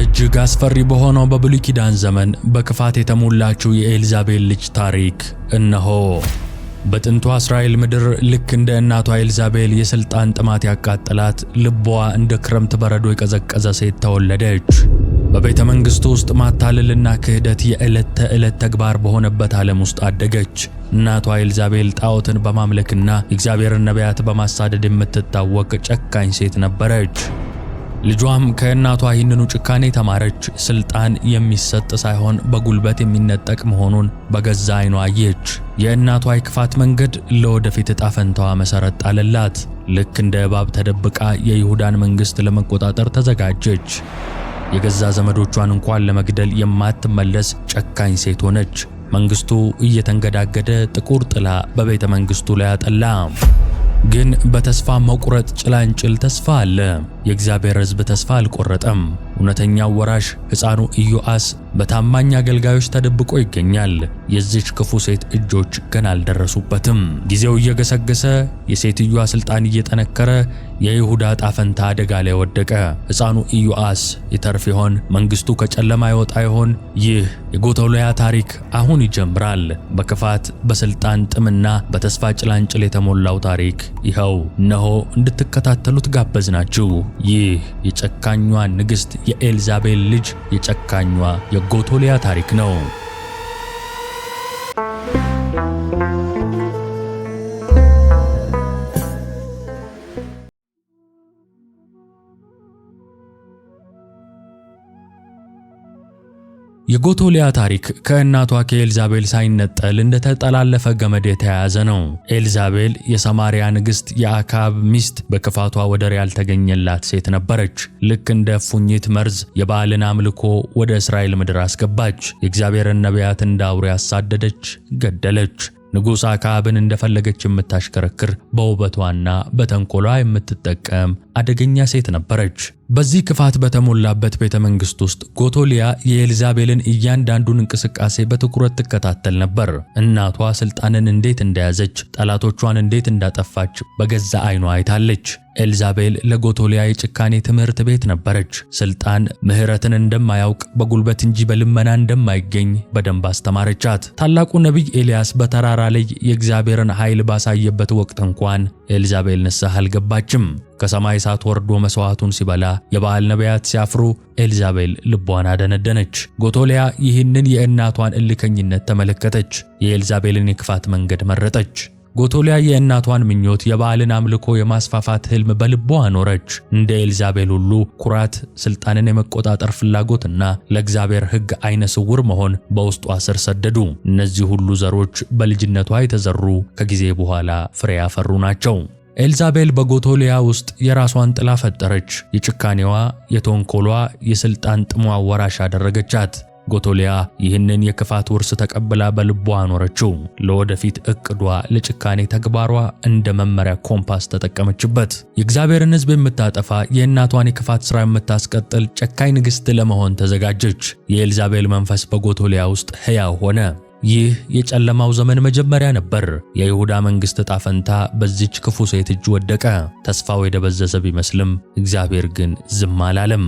እጅግ አስፈሪ በሆነው በብሉይ ኪዳን ዘመን በክፋት የተሞላችው የኤልዛቤል ልጅ ታሪክ እነሆ። በጥንቷ እስራኤል ምድር ልክ እንደ እናቷ ኤልዛቤል የሥልጣን ጥማት ያቃጠላት፣ ልቧ እንደ ክረምት በረዶ የቀዘቀዘ ሴት ተወለደች። በቤተ መንግሥቱ ውስጥ ማታለልና ክህደት የዕለት ተዕለት ተግባር በሆነበት ዓለም ውስጥ አደገች። እናቷ ኤልዛቤል ጣዖትን በማምለክና እግዚአብሔርን ነቢያት በማሳደድ የምትታወቅ ጨካኝ ሴት ነበረች። ልጇም ከእናቷ ይህንኑ ጭካኔ ተማረች። ስልጣን የሚሰጥ ሳይሆን በጉልበት የሚነጠቅ መሆኑን በገዛ ዓይኗ አየች። የእናቷ የክፋት መንገድ ለወደፊት ዕጣ ፈንታዋ መሠረት ጣለላት። ልክ እንደ እባብ ተደብቃ የይሁዳን መንግስት ለመቆጣጠር ተዘጋጀች። የገዛ ዘመዶቿን እንኳን ለመግደል የማትመለስ ጨካኝ ሴት ሆነች። መንግስቱ እየተንገዳገደ ጥቁር ጥላ በቤተ መንግስቱ ላይ አጠላ። ግን በተስፋ መቁረጥ ጭላንጭል ተስፋ አለ። የእግዚአብሔር ሕዝብ ተስፋ አልቆረጠም። እውነተኛው ወራሽ ሕፃኑ ኢዮአስ በታማኝ አገልጋዮች ተደብቆ ይገኛል። የዚች ክፉ ሴት እጆች ገና አልደረሱበትም። ጊዜው እየገሰገሰ፣ የሴትዮዋ ሥልጣን እየጠነከረ፣ የይሁዳ ዕጣ ፈንታ አደጋ ላይ ወደቀ። ሕፃኑ ኢዮአስ ይተርፍ ይሆን? መንግሥቱ ከጨለማ ይወጣ ይሆን? ይህ የጎቶልያ ታሪክ አሁን ይጀምራል። በክፋት በሥልጣን ጥምና በተስፋ ጭላንጭል የተሞላው ታሪክ ይኸው እነሆ እንድትከታተሉት ጋበዝናችሁ። ይህ የጨካኟ ንግሥት የኤልዛቤል ልጅ የጨካኟ የጎቶሊያ ታሪክ ነው። የጎቶሊያ ታሪክ ከእናቷ ከኤልዛቤል ሳይነጠል እንደተጠላለፈ ገመድ የተያያዘ ነው። ኤልዛቤል የሰማሪያ ንግሥት የአካብ ሚስት፣ በክፋቷ ወደር ያልተገኘላት ሴት ነበረች። ልክ እንደ ፉኝት መርዝ የበዓልን አምልኮ ወደ እስራኤል ምድር አስገባች። የእግዚአብሔርን ነቢያት እንደ አውሬ አሳደደች፣ ገደለች። ንጉሥ አካብን እንደፈለገች የምታሽከረክር፣ በውበቷና በተንኮሏ የምትጠቀም አደገኛ ሴት ነበረች። በዚህ ክፋት በተሞላበት ቤተ መንግስት ውስጥ ጎቶሊያ የኤልዛቤልን እያንዳንዱን እንቅስቃሴ በትኩረት ትከታተል ነበር። እናቷ ስልጣንን እንዴት እንደያዘች፣ ጠላቶቿን እንዴት እንዳጠፋች በገዛ ዓይኗ አይታለች። ኤልዛቤል ለጎቶሊያ የጭካኔ ትምህርት ቤት ነበረች። ስልጣን ምህረትን እንደማያውቅ በጉልበት እንጂ በልመና እንደማይገኝ በደንብ አስተማረቻት። ታላቁ ነቢይ ኤልያስ በተራራ ላይ የእግዚአብሔርን ኃይል ባሳየበት ወቅት እንኳን ኤልዛቤል ንስሐ አልገባችም። ከሰማይ እሳት ወርዶ መሥዋዕቱን ሲበላ የበዓል ነቢያት ሲያፍሩ ኤልዛቤል ልቧን አደነደነች። ጎቶሊያ ይህንን የእናቷን እልከኝነት ተመለከተች። የኤልዛቤልን የክፋት መንገድ መረጠች። ጎቶሊያ የእናቷን ምኞት የበዓልን አምልኮ የማስፋፋት ህልም በልቧ አኖረች። እንደ ኤልዛቤል ሁሉ ኩራት፣ ሥልጣንን የመቆጣጠር ፍላጎትና ለእግዚአብሔር ሕግ ዓይነ ስውር መሆን በውስጧ ስር ሰደዱ። እነዚህ ሁሉ ዘሮች በልጅነቷ የተዘሩ ከጊዜ በኋላ ፍሬ ያፈሩ ናቸው። ኤልዛቤል በጎቶሊያ ውስጥ የራሷን ጥላ ፈጠረች። የጭካኔዋ፣ የተንኮሏ፣ የሥልጣን ጥሟ ወራሽ አደረገቻት። ጎቶሊያ ይህንን የክፋት ውርስ ተቀብላ በልቧ አኖረችው። ለወደፊት እቅዷ፣ ለጭካኔ ተግባሯ እንደ መመሪያ ኮምፓስ ተጠቀመችበት። የእግዚአብሔርን ሕዝብ የምታጠፋ የእናቷን የክፋት ሥራ የምታስቀጥል ጨካኝ ንግሥት ለመሆን ተዘጋጀች። የኤልዛቤል መንፈስ በጎቶሊያ ውስጥ ሕያው ሆነ። ይህ የጨለማው ዘመን መጀመሪያ ነበር። የይሁዳ መንግሥት ዕጣ ፈንታ በዚች ክፉ ሴት እጅ ወደቀ። ተስፋው የደበዘዘ ቢመስልም እግዚአብሔር ግን ዝም አላለም።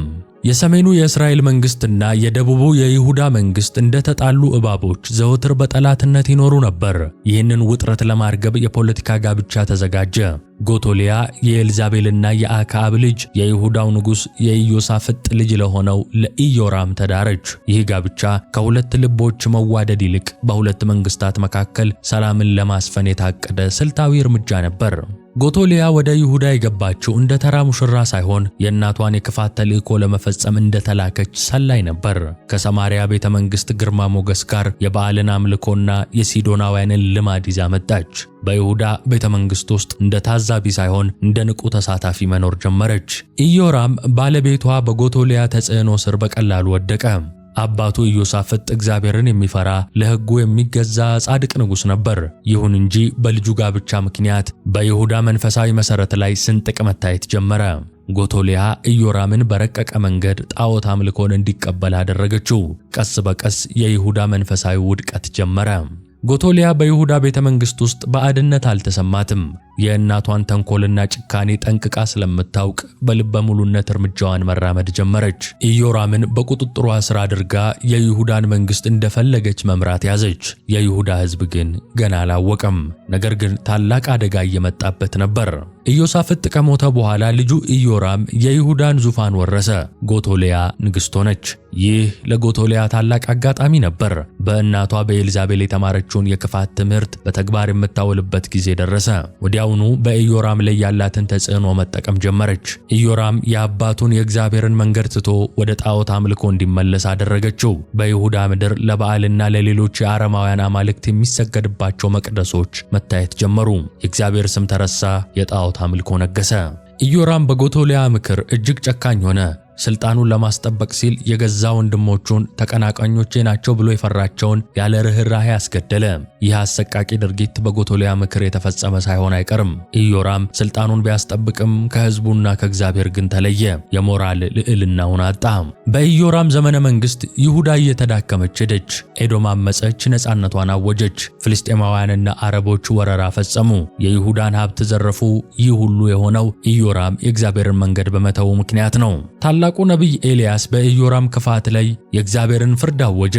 የሰሜኑ የእስራኤል መንግስትና የደቡቡ የይሁዳ መንግሥት እንደተጣሉ እባቦች ዘወትር በጠላትነት ይኖሩ ነበር። ይህንን ውጥረት ለማርገብ የፖለቲካ ጋብቻ ተዘጋጀ። ጎቶሊያ የኤልዛቤልና የአክዓብ ልጅ የይሁዳው ንጉሥ የኢዮሳፍጥ ልጅ ለሆነው ለኢዮራም ተዳረች። ይህ ጋብቻ ከሁለት ልቦች መዋደድ ይልቅ በሁለት መንግስታት መካከል ሰላምን ለማስፈን የታቀደ ስልታዊ እርምጃ ነበር። ጎቶሊያ ወደ ይሁዳ የገባችው እንደ ተራ ሙሽራ ሳይሆን የእናቷን የክፋት ተልእኮ ለመፈጸም እንደተላከች ሰላይ ነበር። ከሰማርያ ቤተ መንግሥት ግርማ ሞገስ ጋር የበዓልን አምልኮና የሲዶናውያንን ልማድ ይዛ መጣች። በይሁዳ ቤተ መንግሥት ውስጥ እንደ ታዛቢ ሳይሆን እንደ ንቁ ተሳታፊ መኖር ጀመረች። ኢዮራም ባለቤቷ በጎቶሊያ ተጽዕኖ ስር በቀላሉ ወደቀ። አባቱ ኢዮሳፍጥ እግዚአብሔርን የሚፈራ ለሕጉ የሚገዛ ጻድቅ ንጉሥ ነበር። ይሁን እንጂ በልጁ ጋብቻ ምክንያት በይሁዳ መንፈሳዊ መሠረት ላይ ስንጥቅ መታየት ጀመረ። ጎቶሊያ ኢዮራምን በረቀቀ መንገድ ጣዖት አምልኮን እንዲቀበል አደረገችው። ቀስ በቀስ የይሁዳ መንፈሳዊ ውድቀት ጀመረ። ጎቶሊያ በይሁዳ ቤተ መንግሥት ውስጥ ባዕድነት አልተሰማትም። የእናቷን ተንኮልና ጭካኔ ጠንቅቃ ስለምታውቅ በልበ ሙሉነት እርምጃዋን መራመድ ጀመረች። ኢዮራምን በቁጥጥሯ ስር አድርጋ የይሁዳን መንግሥት እንደፈለገች መምራት ያዘች። የይሁዳ ሕዝብ ግን ገና አላወቀም። ነገር ግን ታላቅ አደጋ እየመጣበት ነበር። ኢዮሳፍጥ ከሞተ በኋላ ልጁ ኢዮራም የይሁዳን ዙፋን ወረሰ። ጎቶሊያ ንግሥት ሆነች። ይህ ለጎቶሊያ ታላቅ አጋጣሚ ነበር። በእናቷ በኤልዛቤል የተማረች የሰማችውን የክፋት ትምህርት በተግባር የምታውልበት ጊዜ ደረሰ። ወዲያውኑ በኢዮራም ላይ ያላትን ተጽዕኖ መጠቀም ጀመረች። ኢዮራም የአባቱን የእግዚአብሔርን መንገድ ትቶ ወደ ጣዖት አምልኮ እንዲመለስ አደረገችው። በይሁዳ ምድር ለበዓልና ለሌሎች የአረማውያን አማልክት የሚሰገድባቸው መቅደሶች መታየት ጀመሩ። የእግዚአብሔር ስም ተረሳ፣ የጣዖት አምልኮ ነገሰ። ኢዮራም በጎቶሊያ ምክር እጅግ ጨካኝ ሆነ። ስልጣኑን ለማስጠበቅ ሲል የገዛ ወንድሞቹን ተቀናቃኞቼ ናቸው ብሎ የፈራቸውን ያለ ርኅራኄ አስገደለ። ይህ አሰቃቂ ድርጊት በጎቶሊያ ምክር የተፈጸመ ሳይሆን አይቀርም። ኢዮራም ስልጣኑን ቢያስጠብቅም ከሕዝቡና ከእግዚአብሔር ግን ተለየ፣ የሞራል ልዕልናውን አጣ። በኢዮራም ዘመነ መንግሥት ይሁዳ እየተዳከመች ሄደች። ኤዶም አመፀች፣ ነፃነቷን አወጀች። ፍልስጤማውያንና አረቦች ወረራ ፈጸሙ፣ የይሁዳን ሀብት ዘረፉ። ይህ ሁሉ የሆነው ኢዮራም የእግዚአብሔርን መንገድ በመተው ምክንያት ነው። ታላቁ ነቢይ ኤልያስ በኢዮራም ክፋት ላይ የእግዚአብሔርን ፍርድ አወጀ።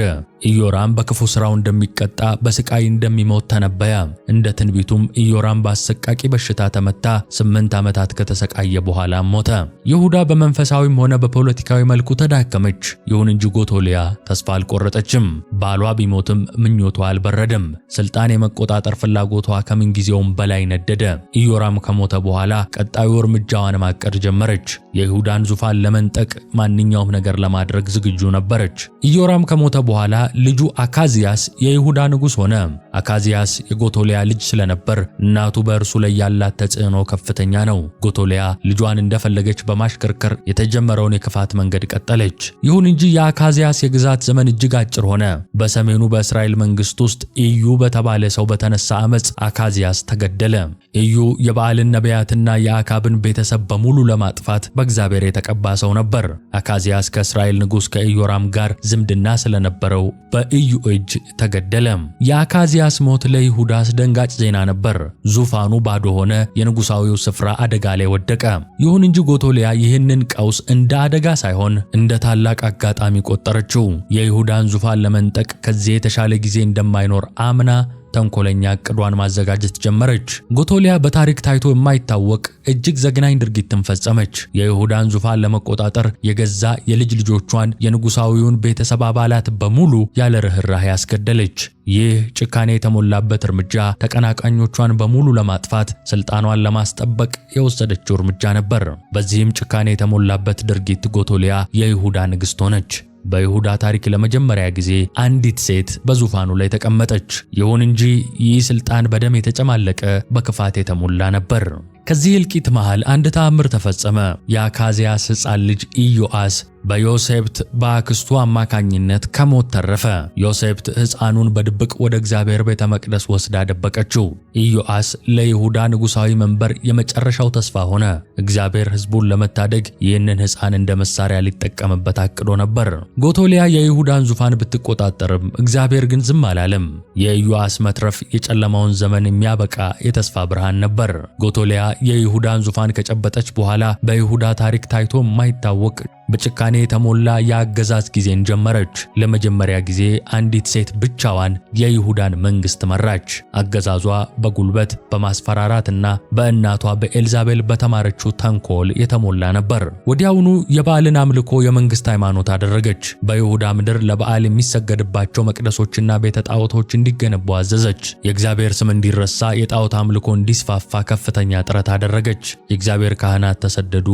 ኢዮራም በክፉ ሥራው እንደሚቀጣ በስቃይ እንደሚሞት ተነበየ። እንደ ትንቢቱም ኢዮራም በአሰቃቂ በሽታ ተመታ። ስምንት ዓመታት ከተሰቃየ በኋላ ሞተ። ይሁዳ በመንፈሳዊም ሆነ በፖለቲካዊ መልኩ ተዳከመች። ይሁን እንጂ ጎቶልያ ተስፋ አልቆረጠችም። ባሏ ቢሞትም ምኞቷ አልበረደም። ስልጣን የመቆጣጠር ፍላጎቷ ከምንጊዜውም በላይ ነደደ። ኢዮራም ከሞተ በኋላ ቀጣዩ እርምጃዋን ማቀድ ጀመረች። የይሁዳን ዙፋን ለመን ለመንጠቅ ማንኛውም ነገር ለማድረግ ዝግጁ ነበረች። ኢዮራም ከሞተ በኋላ ልጁ አካዚያስ የይሁዳ ንጉሥ ሆነ። አካዚያስ የጎቶሊያ ልጅ ስለነበር እናቱ በእርሱ ላይ ያላት ተጽዕኖ ከፍተኛ ነው። ጎቶሊያ ልጇን እንደፈለገች በማሽከርከር የተጀመረውን የክፋት መንገድ ቀጠለች። ይሁን እንጂ የአካዚያስ የግዛት ዘመን እጅግ አጭር ሆነ። በሰሜኑ በእስራኤል መንግሥት ውስጥ ኢዩ በተባለ ሰው በተነሳ ዓመፅ አካዚያስ ተገደለ። ኢዩ የበዓልን ነቢያትና የአካብን ቤተሰብ በሙሉ ለማጥፋት በእግዚአብሔር የተቀባ ሰው ነበር። ነበር። አካዚያስ ከእስራኤል ንጉሥ ከኢዮራም ጋር ዝምድና ስለነበረው በኢዩ እጅ ተገደለ። የአካዚያስ ሞት ለይሁዳ አስደንጋጭ ዜና ነበር። ዙፋኑ ባዶ ሆነ፣ የንጉሣዊው ስፍራ አደጋ ላይ ወደቀ። ይሁን እንጂ ጎቶሊያ ይህንን ቀውስ እንደ አደጋ ሳይሆን እንደ ታላቅ አጋጣሚ ቆጠረችው። የይሁዳን ዙፋን ለመንጠቅ ከዚህ የተሻለ ጊዜ እንደማይኖር አምና ተንኮለኛ እቅዷን ማዘጋጀት ጀመረች። ጎቶሊያ በታሪክ ታይቶ የማይታወቅ እጅግ ዘግናኝ ድርጊትን ፈጸመች። የይሁዳን ዙፋን ለመቆጣጠር የገዛ የልጅ ልጆቿን የንጉሳዊውን ቤተሰብ አባላት በሙሉ ያለ ርኅራህ ያስገደለች። ይህ ጭካኔ የተሞላበት እርምጃ ተቀናቃኞቿን በሙሉ ለማጥፋት ስልጣኗን ለማስጠበቅ የወሰደችው እርምጃ ነበር። በዚህም ጭካኔ የተሞላበት ድርጊት ጎቶሊያ የይሁዳ ንግሥት ሆነች። በይሁዳ ታሪክ ለመጀመሪያ ጊዜ አንዲት ሴት በዙፋኑ ላይ ተቀመጠች። ይሁን እንጂ ይህ ስልጣን በደም የተጨማለቀ በክፋት የተሞላ ነበር። ከዚህ እልቂት መሃል አንድ ተአምር ተፈጸመ። የአካዝያስ ሕፃን ልጅ ኢዮአስ በዮሴፍት በአክስቱ አማካኝነት ከሞት ተረፈ። ዮሴብት ሕፃኑን በድብቅ ወደ እግዚአብሔር ቤተ መቅደስ ወስዳ ደበቀችው። ኢዮአስ ለይሁዳ ንጉሣዊ መንበር የመጨረሻው ተስፋ ሆነ። እግዚአብሔር ሕዝቡን ለመታደግ ይህንን ሕፃን እንደ መሳሪያ ሊጠቀምበት አቅዶ ነበር። ጎቶሊያ የይሁዳን ዙፋን ብትቆጣጠርም እግዚአብሔር ግን ዝም አላለም። የኢዮአስ መትረፍ የጨለማውን ዘመን የሚያበቃ የተስፋ ብርሃን ነበር። ጎቶሊያ የይሁዳን ዙፋን ከጨበጠች በኋላ በይሁዳ ታሪክ ታይቶ የማይታወቅ በጭካኔ የተሞላ የአገዛዝ ጊዜን ጀመረች። ለመጀመሪያ ጊዜ አንዲት ሴት ብቻዋን የይሁዳን መንግስት መራች። አገዛዟ በጉልበት በማስፈራራትና በእናቷ በኤልዛቤል በተማረችው ተንኮል የተሞላ ነበር። ወዲያውኑ የበዓልን አምልኮ የመንግስት ሃይማኖት አደረገች። በይሁዳ ምድር ለበዓል የሚሰገድባቸው መቅደሶችና ቤተ ጣዖቶች እንዲገነቡ አዘዘች። የእግዚአብሔር ስም እንዲረሳ፣ የጣዖት አምልኮ እንዲስፋፋ ከፍተኛ ጥረት አደረገች። የእግዚአብሔር ካህናት ተሰደዱ፣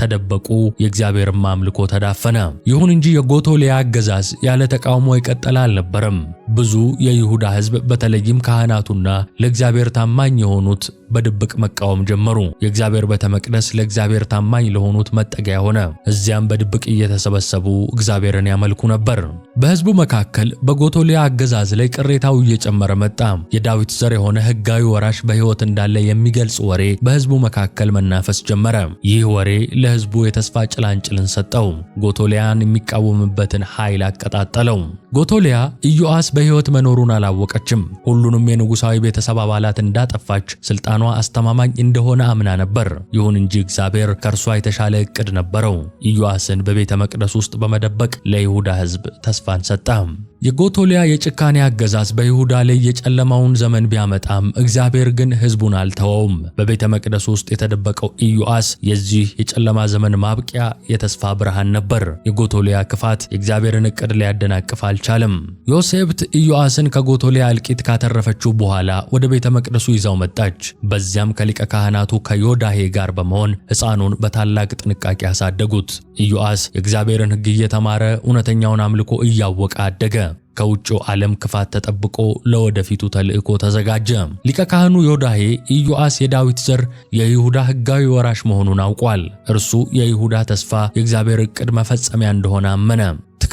ተደበቁ። የእግዚአብሔርማ አምልኮ ተዳፈነ። ይሁን እንጂ የጎቶሊያ አገዛዝ ያለ ተቃውሞ የቀጠለ አልነበረም። ብዙ የይሁዳ ሕዝብ በተለይም ካህናቱና ለእግዚአብሔር ታማኝ የሆኑት በድብቅ መቃወም ጀመሩ። የእግዚአብሔር ቤተ መቅደስ ለእግዚአብሔር ታማኝ ለሆኑት መጠጊያ ሆነ። እዚያም በድብቅ እየተሰበሰቡ እግዚአብሔርን ያመልኩ ነበር። በሕዝቡ መካከል በጎቶሊያ አገዛዝ ላይ ቅሬታው እየጨመረ መጣ። የዳዊት ዘር የሆነ ሕጋዊ ወራሽ በሕይወት እንዳለ የሚገልጽ ወሬ በሕዝቡ መካከል መናፈስ ጀመረ። ይህ ወሬ ለሕዝቡ የተስፋ ጭላንጭልን ሰጠ። ሰጠው። ጎቶሊያን የሚቃወምበትን ኃይል አቀጣጠለው። ጎቶሊያ ኢዮአስ በሕይወት መኖሩን አላወቀችም። ሁሉንም የንጉሣዊ ቤተሰብ አባላት እንዳጠፋች፣ ስልጣኗ አስተማማኝ እንደሆነ አምና ነበር። ይሁን እንጂ እግዚአብሔር ከእርሷ የተሻለ እቅድ ነበረው። ኢዮአስን በቤተ መቅደስ ውስጥ በመደበቅ ለይሁዳ ሕዝብ ተስፋን ሰጠ። የጎቶሊያ የጭካኔ አገዛዝ በይሁዳ ላይ የጨለማውን ዘመን ቢያመጣም እግዚአብሔር ግን ሕዝቡን አልተወውም። በቤተ መቅደስ ውስጥ የተደበቀው ኢዮአስ የዚህ የጨለማ ዘመን ማብቂያ የተስፋ ብርሃን ነበር። የጎቶሊያ ክፋት የእግዚአብሔርን እቅድ ሊያደናቅፋል አልቻለም። ዮሴፍት ኢዮአስን ከጎቶሊያ እልቂት ካተረፈችው በኋላ ወደ ቤተ መቅደሱ ይዛው መጣች። በዚያም ከሊቀ ካህናቱ ከዮዳሄ ጋር በመሆን ሕፃኑን በታላቅ ጥንቃቄ አሳደጉት። ኢዮአስ የእግዚአብሔርን ሕግ እየተማረ እውነተኛውን አምልኮ እያወቀ አደገ። ከውጭው ዓለም ክፋት ተጠብቆ ለወደፊቱ ተልእኮ ተዘጋጀ። ሊቀ ካህኑ ዮዳሄ ኢዮአስ የዳዊት ዘር የይሁዳ ሕጋዊ ወራሽ መሆኑን አውቋል። እርሱ የይሁዳ ተስፋ፣ የእግዚአብሔር ዕቅድ መፈጸሚያ እንደሆነ አመነ።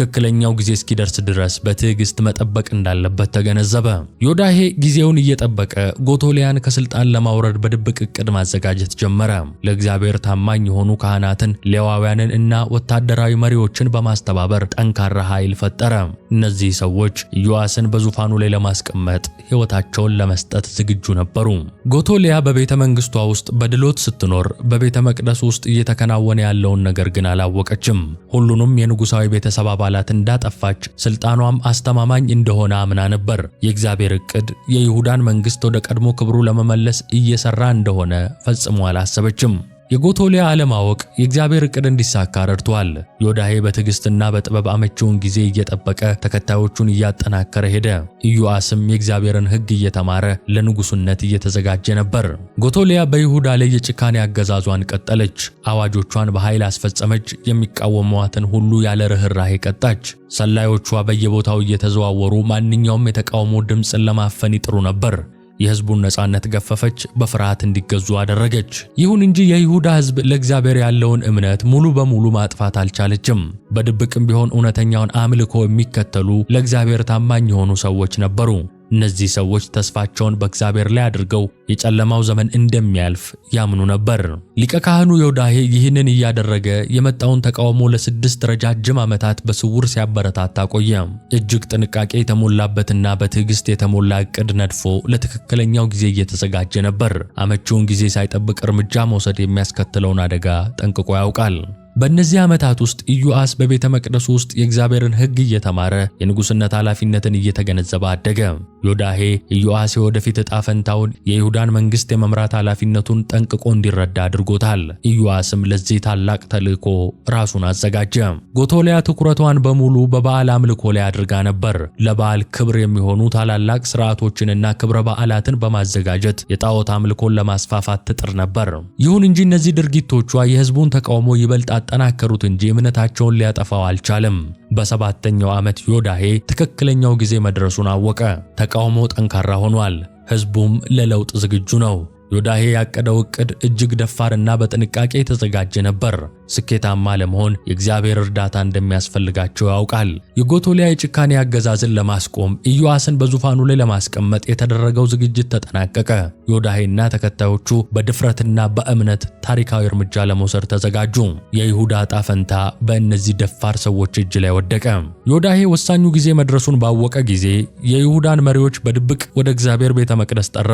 ትክክለኛው ጊዜ እስኪደርስ ድረስ በትዕግስት መጠበቅ እንዳለበት ተገነዘበ። ዮዳሄ ጊዜውን እየጠበቀ ጎቶሊያን ከስልጣን ለማውረድ በድብቅ እቅድ ማዘጋጀት ጀመረ። ለእግዚአብሔር ታማኝ የሆኑ ካህናትን፣ ሌዋውያንን እና ወታደራዊ መሪዎችን በማስተባበር ጠንካራ ኃይል ፈጠረ። እነዚህ ሰዎች ኢዮአስን በዙፋኑ ላይ ለማስቀመጥ ሕይወታቸውን ለመስጠት ዝግጁ ነበሩ። ጎቶሊያ በቤተ መንግስቷ ውስጥ በድሎት ስትኖር በቤተ መቅደስ ውስጥ እየተከናወነ ያለውን ነገር ግን አላወቀችም። ሁሉንም የንጉሣዊ ቤተሰብ አባላት አባላት እንዳጠፋች፣ ስልጣኗም አስተማማኝ እንደሆነ አምና ነበር። የእግዚአብሔር እቅድ የይሁዳን መንግስት ወደ ቀድሞ ክብሩ ለመመለስ እየሰራ እንደሆነ ፈጽሞ አላሰበችም። የጎቶሊያ አለማወቅ የእግዚአብሔር እቅድ እንዲሳካ ረድቷል። ዮዳሄ በትዕግስትና በጥበብ አመቺውን ጊዜ እየጠበቀ ተከታዮቹን እያጠናከረ ሄደ። ኢዮአስም የእግዚአብሔርን ሕግ እየተማረ ለንጉሥነት እየተዘጋጀ ነበር። ጎቶሊያ በይሁዳ ላይ የጭካኔ አገዛዟን ቀጠለች። አዋጆቿን በኃይል አስፈጸመች። የሚቃወሟትን ሁሉ ያለ ርኅራሄ ቀጣች። ሰላዮቿ በየቦታው እየተዘዋወሩ ማንኛውም የተቃውሞ ድምፅን ለማፈን ይጥሩ ነበር። የሕዝቡን ነፃነት ገፈፈች፣ በፍርሃት እንዲገዙ አደረገች። ይሁን እንጂ የይሁዳ ሕዝብ ለእግዚአብሔር ያለውን እምነት ሙሉ በሙሉ ማጥፋት አልቻለችም። በድብቅም ቢሆን እውነተኛውን አምልኮ የሚከተሉ ለእግዚአብሔር ታማኝ የሆኑ ሰዎች ነበሩ። እነዚህ ሰዎች ተስፋቸውን በእግዚአብሔር ላይ አድርገው የጨለማው ዘመን እንደሚያልፍ ያምኑ ነበር። ሊቀ ካህኑ ዮዳሄ ይህንን እያደረገ የመጣውን ተቃውሞ ለስድስት ረጃጅም ዓመታት በስውር ሲያበረታታ ቆየ። እጅግ ጥንቃቄ የተሞላበትና በትዕግስት የተሞላ ዕቅድ ነድፎ ለትክክለኛው ጊዜ እየተዘጋጀ ነበር። አመቺውን ጊዜ ሳይጠብቅ እርምጃ መውሰድ የሚያስከትለውን አደጋ ጠንቅቆ ያውቃል። በእነዚህ ዓመታት ውስጥ ኢዮአስ በቤተ መቅደሱ ውስጥ የእግዚአብሔርን ሕግ እየተማረ የንጉሥነት ኃላፊነትን እየተገነዘበ አደገ። ዮዳሄ ኢዮአስ የወደፊት ዕጣ ፈንታውን የይሁዳን መንግሥት የመምራት ኃላፊነቱን ጠንቅቆ እንዲረዳ አድርጎታል። ኢዮአስም ለዚህ ታላቅ ተልእኮ ራሱን አዘጋጀ። ጎቶሊያ ትኩረቷን በሙሉ በበዓል አምልኮ ላይ አድርጋ ነበር። ለበዓል ክብር የሚሆኑ ታላላቅ ሥርዓቶችንና ክብረ በዓላትን በማዘጋጀት የጣዖት አምልኮን ለማስፋፋት ትጥር ነበር። ይሁን እንጂ እነዚህ ድርጊቶቿ የሕዝቡን ተቃውሞ ይበልጥ አጠናከሩት እንጂ እምነታቸውን ሊያጠፋው አልቻለም። በሰባተኛው ዓመት ዮዳሄ ትክክለኛው ጊዜ መድረሱን አወቀ። ተቃውሞ ጠንካራ ሆኗል። ሕዝቡም ለለውጥ ዝግጁ ነው። ዮዳሄ ያቀደው እቅድ እጅግ ደፋርና በጥንቃቄ የተዘጋጀ ነበር። ስኬታማ ለመሆን የእግዚአብሔር እርዳታ እንደሚያስፈልጋቸው ያውቃል። የጎቶሊያ የጭካኔ አገዛዝን ለማስቆም ኢዮአስን በዙፋኑ ላይ ለማስቀመጥ የተደረገው ዝግጅት ተጠናቀቀ። ዮዳሄና ተከታዮቹ በድፍረትና በእምነት ታሪካዊ እርምጃ ለመውሰድ ተዘጋጁ። የይሁዳ ዕጣ ፈንታ በእነዚህ ደፋር ሰዎች እጅ ላይ ወደቀ። ዮዳሄ ወሳኙ ጊዜ መድረሱን ባወቀ ጊዜ የይሁዳን መሪዎች በድብቅ ወደ እግዚአብሔር ቤተ መቅደስ ጠራ።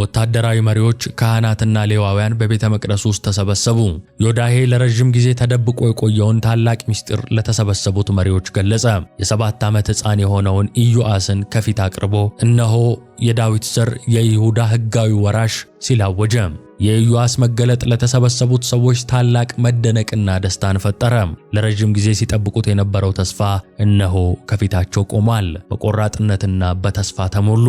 ወታደራዊ መሪዎች፣ ካህናትና ሌዋውያን በቤተ መቅደሱ ውስጥ ተሰበሰቡ። ዮዳሄ ለረዥም ጊዜ ተደብቆ የቆየውን ታላቅ ምስጢር ለተሰበሰቡት መሪዎች ገለጸ። የሰባት ዓመት ሕፃን የሆነውን ኢዮአስን ከፊት አቅርቦ እነሆ የዳዊት ዘር የይሁዳ ሕጋዊ ወራሽ ሲል አወጀ። የኢዮአስ መገለጥ ለተሰበሰቡት ሰዎች ታላቅ መደነቅና ደስታን ፈጠረ። ለረጅም ጊዜ ሲጠብቁት የነበረው ተስፋ እነሆ ከፊታቸው ቆሟል። በቆራጥነትና በተስፋ ተሞሉ።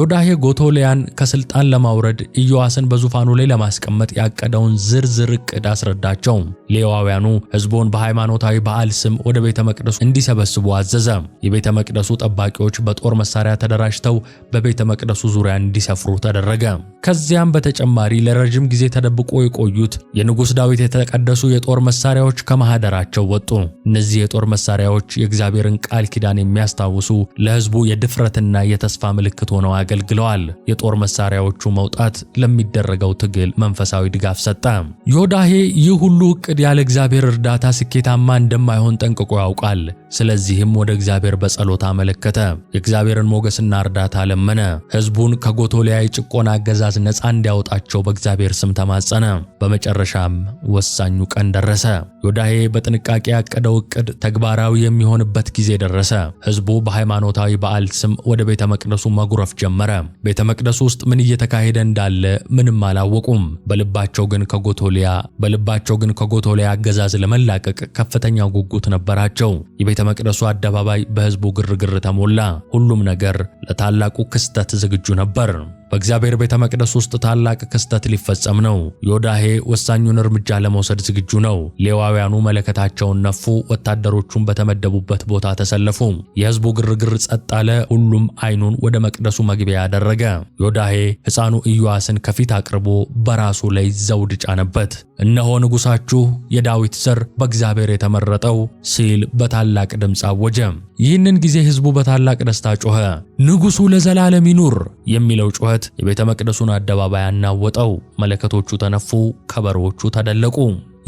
ዮዳሄ ጎቶሊያን ከስልጣን ለማውረድ ኢዮአስን በዙፋኑ ላይ ለማስቀመጥ ያቀደውን ዝርዝር ዕቅድ አስረዳቸው። ሌዋውያኑ ሕዝቡን በሃይማኖታዊ በዓል ስም ወደ ቤተ መቅደሱ እንዲሰበስቡ አዘዘ። የቤተ መቅደሱ ጠባቂዎች በጦር መሳሪያ ተደራጅተው በቤተ መቅደሱ ዙሪያ እንዲሰፍሩ ተደረገ። ከዚያም በተጨማሪ ለረ ለረጅም ጊዜ ተደብቆ የቆዩት የንጉሥ ዳዊት የተቀደሱ የጦር መሳሪያዎች ከማኅደራቸው ወጡ። እነዚህ የጦር መሳሪያዎች የእግዚአብሔርን ቃል ኪዳን የሚያስታውሱ ለሕዝቡ የድፍረትና የተስፋ ምልክት ሆነው አገልግለዋል። የጦር መሳሪያዎቹ መውጣት ለሚደረገው ትግል መንፈሳዊ ድጋፍ ሰጠ። ዮዳሄ ይህ ሁሉ ዕቅድ ያለ እግዚአብሔር እርዳታ ስኬታማ እንደማይሆን ጠንቅቆ ያውቃል። ስለዚህም ወደ እግዚአብሔር በጸሎት አመለከተ። የእግዚአብሔርን ሞገስና እርዳታ ለመነ። ሕዝቡን ከጎቶሊያ የጭቆና አገዛዝ ነፃ እንዲያወጣቸው በእግዚአብሔር በእግዚአብሔር ስም ተማጸነ። በመጨረሻም ወሳኙ ቀን ደረሰ። ዮዳሄ በጥንቃቄ ያቀደው እቅድ ተግባራዊ የሚሆንበት ጊዜ ደረሰ። ሕዝቡ በሃይማኖታዊ በዓል ስም ወደ ቤተ መቅደሱ መጉረፍ ጀመረ። ቤተ መቅደሱ ውስጥ ምን እየተካሄደ እንዳለ ምንም አላወቁም። በልባቸው ግን ከጎቶሊያ በልባቸው ግን ከጎቶሊያ አገዛዝ ለመላቀቅ ከፍተኛ ጉጉት ነበራቸው። የቤተ መቅደሱ አደባባይ በሕዝቡ ግርግር ተሞላ። ሁሉም ነገር ለታላቁ ክስተት ዝግጁ ነበር። በእግዚአብሔር ቤተ መቅደስ ውስጥ ታላቅ ክስተት ሊፈጸም ነው። ዮዳሄ ወሳኙን እርምጃ ለመውሰድ ዝግጁ ነው። ሌዋውያኑ መለከታቸውን ነፉ፣ ወታደሮቹም በተመደቡበት ቦታ ተሰለፉ። የሕዝቡ ግርግር ጸጥ አለ። ሁሉም ዓይኑን ወደ መቅደሱ መግቢያ አደረገ። ዮዳሄ ሕፃኑ ኢዮአስን ከፊት አቅርቦ በራሱ ላይ ዘውድ ጫነበት። እነሆ ንጉሳችሁ የዳዊት ዘር በእግዚአብሔር የተመረጠው ሲል በታላቅ ድምፅ አወጀ። ይህንን ጊዜ ሕዝቡ በታላቅ ደስታ ጮኸ። ንጉሡ ለዘላለም ይኑር የሚለው ጩኸት በማለት የቤተ መቅደሱን አደባባይ አናወጠው። መለከቶቹ ተነፉ፣ ከበሮዎቹ ተደለቁ።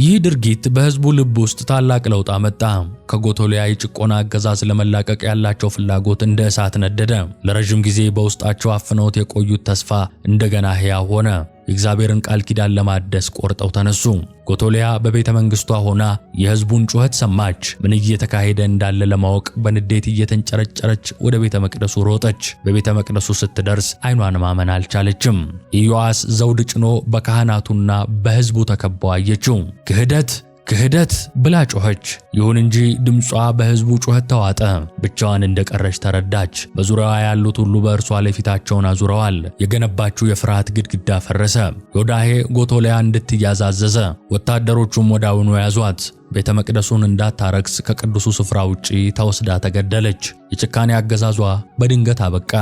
ይህ ድርጊት በሕዝቡ ልብ ውስጥ ታላቅ ለውጥ አመጣ። ከጎቶሊያ የጭቆና አገዛዝ ለመላቀቅ ያላቸው ፍላጎት እንደ እሳት ነደደ። ለረዥም ጊዜ በውስጣቸው አፍነውት የቆዩት ተስፋ እንደገና ሕያው ሆነ። የእግዚአብሔርን ቃል ኪዳን ለማደስ ቆርጠው ተነሱ። ጎቶሊያ በቤተ መንግሥቷ ሆና የሕዝቡን ጩኸት ሰማች። ምን እየተካሄደ እንዳለ ለማወቅ በንዴት እየተንጨረጨረች ወደ ቤተ መቅደሱ ሮጠች። በቤተ መቅደሱ ስትደርስ ዓይኗን ማመን አልቻለችም። ኢዮአስ ዘውድ ጭኖ በካህናቱና በሕዝቡ ተከቦ አየችው። ክህደት ክህደት ብላ ጮኸች። ይሁን እንጂ ድምጿ በሕዝቡ ጩኸት ተዋጠ። ብቻዋን እንደቀረች ተረዳች። በዙሪያዋ ያሉት ሁሉ በእርሷ ላይ ፊታቸውን አዙረዋል። የገነባችው የፍርሃት ግድግዳ ፈረሰ። ዮዳሄ ጎቶሊያ እንድትያዝ አዘዘ። ወታደሮቹም ወዳውኑ ያዟት። ቤተ መቅደሱን እንዳታረክስ ከቅዱሱ ስፍራ ውጪ ተወስዳ ተገደለች። የጭካኔ አገዛዟ በድንገት አበቃ።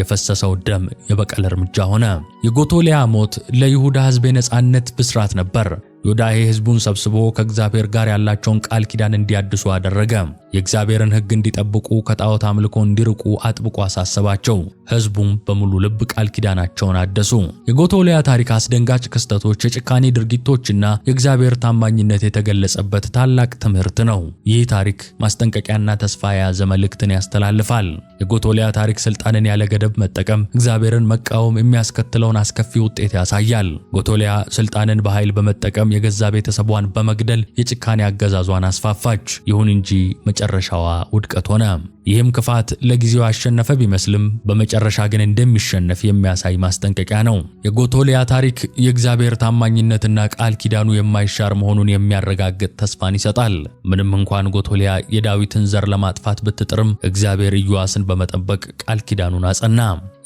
የፈሰሰው ደም የበቀል እርምጃ ሆነ። የጎቶሊያ ሞት ለይሁዳ ሕዝብ የነጻነት ብስራት ነበር። ዮዳሄ ሕዝቡን ሰብስቦ ከእግዚአብሔር ጋር ያላቸውን ቃል ኪዳን እንዲያድሱ አደረገ። የእግዚአብሔርን ሕግ እንዲጠብቁ፣ ከጣዖት አምልኮ እንዲርቁ አጥብቆ አሳሰባቸው። ሕዝቡም በሙሉ ልብ ቃል ኪዳናቸውን አደሱ። የጎቶልያ ታሪክ አስደንጋጭ ክስተቶች፣ የጭካኔ ድርጊቶችና የእግዚአብሔር ታማኝነት የተገለጸበት ታላቅ ትምህርት ነው። ይህ ታሪክ ማስጠንቀቂያና ተስፋ የያዘ መልእክትን ያስተላልፋል። የጎቶልያ ታሪክ ስልጣንን ያለ ገደብ መጠቀም፣ እግዚአብሔርን መቃወም የሚያስከትለውን አስከፊ ውጤት ያሳያል። ጎቶልያ ስልጣንን በኃይል በመጠቀም በመጠቀም የገዛ ቤተሰቧን በመግደል የጭካኔ አገዛዟን አስፋፋች። ይሁን እንጂ መጨረሻዋ ውድቀት ሆነ። ይህም ክፋት ለጊዜው አሸነፈ ቢመስልም በመጨረሻ ግን እንደሚሸነፍ የሚያሳይ ማስጠንቀቂያ ነው። የጎቶሊያ ታሪክ የእግዚአብሔር ታማኝነትና ቃል ኪዳኑ የማይሻር መሆኑን የሚያረጋግጥ ተስፋን ይሰጣል። ምንም እንኳን ጎቶሊያ የዳዊትን ዘር ለማጥፋት ብትጥርም፣ እግዚአብሔር ኢዮአስን በመጠበቅ ቃል ኪዳኑን አጸና።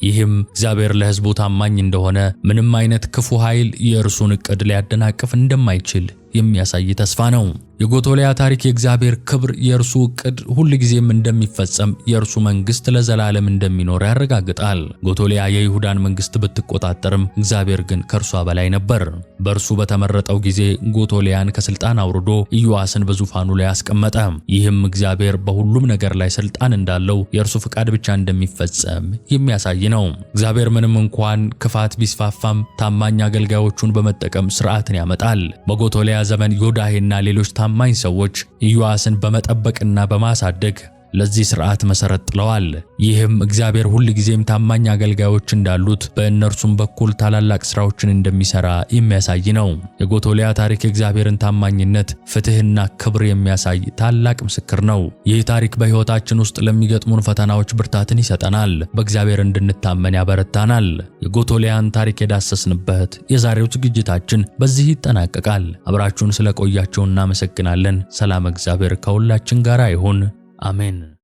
ይህም እግዚአብሔር ለሕዝቡ ታማኝ እንደሆነ ምንም አይነት ክፉ ኃይል የእርሱን ዕቅድ ሊያደናቅፍ እንደማይችል የሚያሳይ ተስፋ ነው። የጎቶሊያ ታሪክ የእግዚአብሔር ክብር፣ የእርሱ ዕቅድ ጊዜም እንደሚፈጸም፣ የእርሱ መንግሥት ለዘላለም እንደሚኖር ያረጋግጣል። ጎቶሊያ የይሁዳን መንግሥት ብትቆጣጠርም እግዚአብሔር ግን ከእርሷ በላይ ነበር። በእርሱ በተመረጠው ጊዜ ጎቶሊያን ከሥልጣን አውርዶ ኢዮአስን በዙፋኑ ላይ አስቀመጠ። ይህም እግዚአብሔር በሁሉም ነገር ላይ ሥልጣን እንዳለው፣ የእርሱ ፍቃድ ብቻ እንደሚፈጸም የሚያሳይ ነው። እግዚአብሔር ምንም እንኳን ክፋት ቢስፋፋም ታማኝ አገልጋዮቹን በመጠቀም ሥርዓትን ያመጣል። በጎቶሊያ ዘመን ዮዳሄና ሌሎች ታ ታማኝ ሰዎች ኢዮአስን በመጠበቅና በማሳደግ ለዚህ ሥርዓት መሠረት ጥለዋል። ይህም እግዚአብሔር ሁል ጊዜም ታማኝ አገልጋዮች እንዳሉት በእነርሱም በኩል ታላላቅ ሥራዎችን እንደሚሠራ የሚያሳይ ነው። የጎቶሊያ ታሪክ የእግዚአብሔርን ታማኝነት፣ ፍትሕና ክብር የሚያሳይ ታላቅ ምስክር ነው። ይህ ታሪክ በሕይወታችን ውስጥ ለሚገጥሙን ፈተናዎች ብርታትን ይሰጠናል፣ በእግዚአብሔር እንድንታመን ያበረታናል። የጎቶሊያን ታሪክ የዳሰስንበት የዛሬው ዝግጅታችን በዚህ ይጠናቀቃል። አብራችሁን ስለቆያችሁ እናመሰግናለን። ሰላም፣ እግዚአብሔር ከሁላችን ጋር ይሁን። Amen